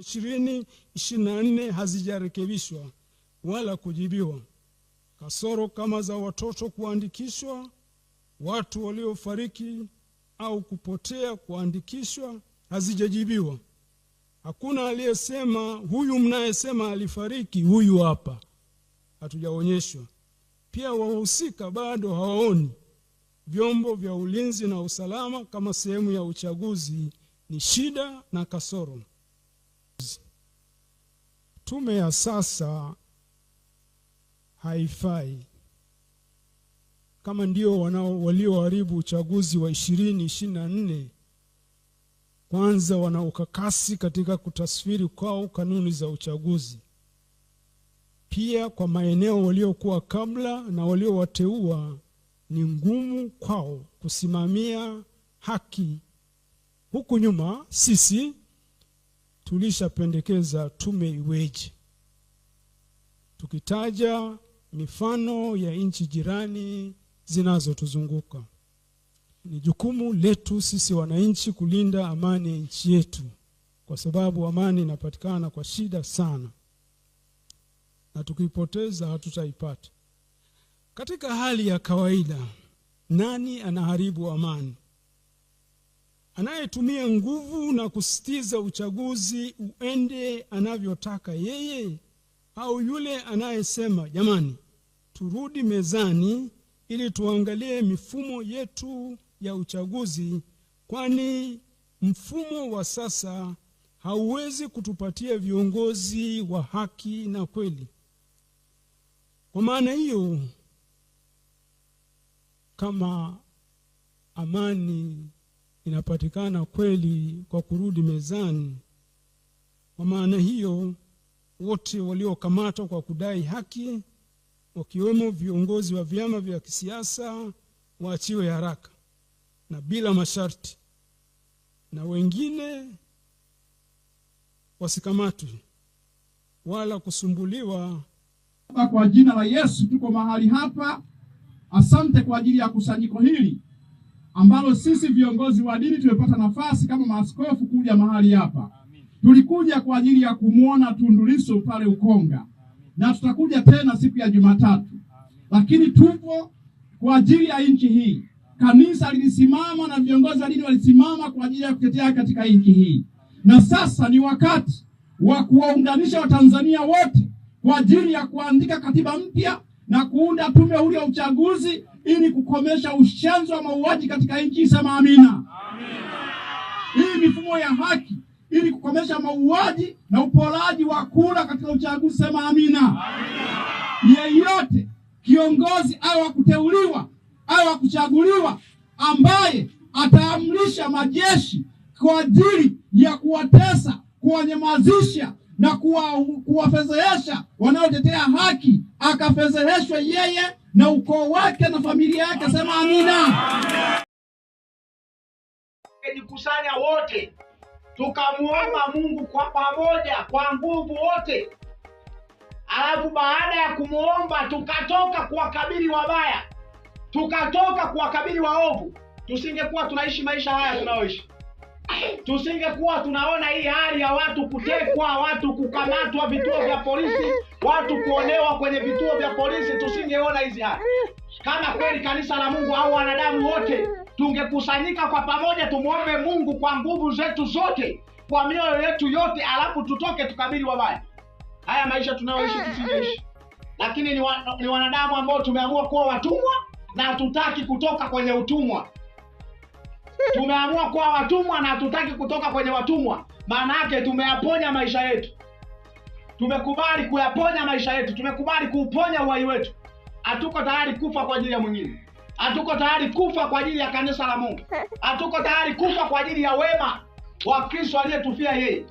ishirini ishirini na nne hazijarekebishwa wala kujibiwa. Kasoro kama za watoto kuandikishwa, watu waliofariki au kupotea kuandikishwa hazijajibiwa. Hakuna aliyesema huyu mnayesema alifariki, huyu hapa, hatujaonyeshwa. Pia wahusika bado hawaoni. Vyombo vya ulinzi na usalama kama sehemu ya uchaguzi ni shida na kasoro. Tume ya sasa haifai kama ndio walioharibu uchaguzi wa ishirini ishirini na nne. Kwanza wana ukakasi katika kutasfiri kwao kanuni za uchaguzi, pia kwa maeneo waliokuwa kabla na waliowateua. Ni ngumu kwao kusimamia haki. Huku nyuma sisi tulishapendekeza tume iweje, tukitaja mifano ya nchi jirani zinazotuzunguka. Ni jukumu letu sisi wananchi kulinda amani ya nchi yetu, kwa sababu amani inapatikana kwa shida sana, na tukipoteza hatutaipata. Katika hali ya kawaida, nani anaharibu amani? anayetumia nguvu na kusitiza uchaguzi uende anavyotaka yeye, au yule anayesema jamani, turudi mezani ili tuangalie mifumo yetu ya uchaguzi, kwani mfumo wa sasa hauwezi kutupatia viongozi wa haki na kweli. Kwa maana hiyo, kama amani inapatikana kweli kwa kurudi mezani. Kwa maana hiyo, wote waliokamatwa kwa kudai haki, wakiwemo viongozi wa vyama vya kisiasa, waachiwe haraka na bila masharti, na wengine wasikamatwe wala kusumbuliwa. Kwa jina la Yesu, tuko mahali hapa. Asante kwa ajili ya kusanyiko hili ambalo sisi viongozi wa dini tumepata nafasi kama maaskofu kuja mahali hapa. Tulikuja kwa ajili ya kumwona Tundu Lissu pale Ukonga na tutakuja tena siku ya Jumatatu, lakini tupo kwa ajili ya nchi hii. Kanisa lilisimama na viongozi wa dini walisimama kwa ajili ya kutetea katika nchi hii, na sasa ni wakati wa kuwaunganisha Watanzania wote kwa ajili ya kuandika katiba mpya na kuunda tume huru ya uchaguzi ili kukomesha ushenzi wa mauaji katika nchi. Sema amina. Hii mifumo ya haki ili kukomesha mauaji na uporaji wa kura katika uchaguzi. Sema amina, Yeyote kiongozi au kuteuliwa au kuchaguliwa ambaye ataamrisha majeshi kwa ajili ya kuwatesa, kuwanyamazisha na kuwafezehesha wanaotetea haki, akafezeheshwe yeye na ukoo wake na familia yake. Sema amina. Tukajikusanya wote tukamwomba Mungu kwa pamoja kwa nguvu wote, alafu baada ya kumwomba tukatoka kuwakabili wabaya, tukatoka kuwakabili waovu, tusingekuwa tunaishi maisha haya tunayoishi tusingekuwa tunaona hii hali ya watu kutekwa, watu kukamatwa vituo vya polisi, watu kuonewa kwenye vituo vya polisi, tusingeona hizi hali. Kama kweli kanisa la Mungu au wanadamu wote tungekusanyika kwa pamoja, tumwombe Mungu kwa nguvu zetu zote, kwa mioyo yetu yote, alafu tutoke tukabili wabaya. Haya maisha tunayoishi tusingeishi, lakini ni, wa, ni wanadamu ambao tumeamua kuwa watumwa na hatutaki kutoka kwenye utumwa tumeamua kuwa watumwa na hatutaki kutoka kwenye watumwa. Maana yake tumeyaponya maisha yetu, tumekubali kuyaponya maisha yetu, tumekubali kuuponya uhai wetu. Hatuko tayari kufa kwa ajili ya mwingine, hatuko tayari kufa kwa ajili ya kanisa la Mungu, hatuko tayari kufa kwa ajili ya wema wa Kristo aliyetufia yeye.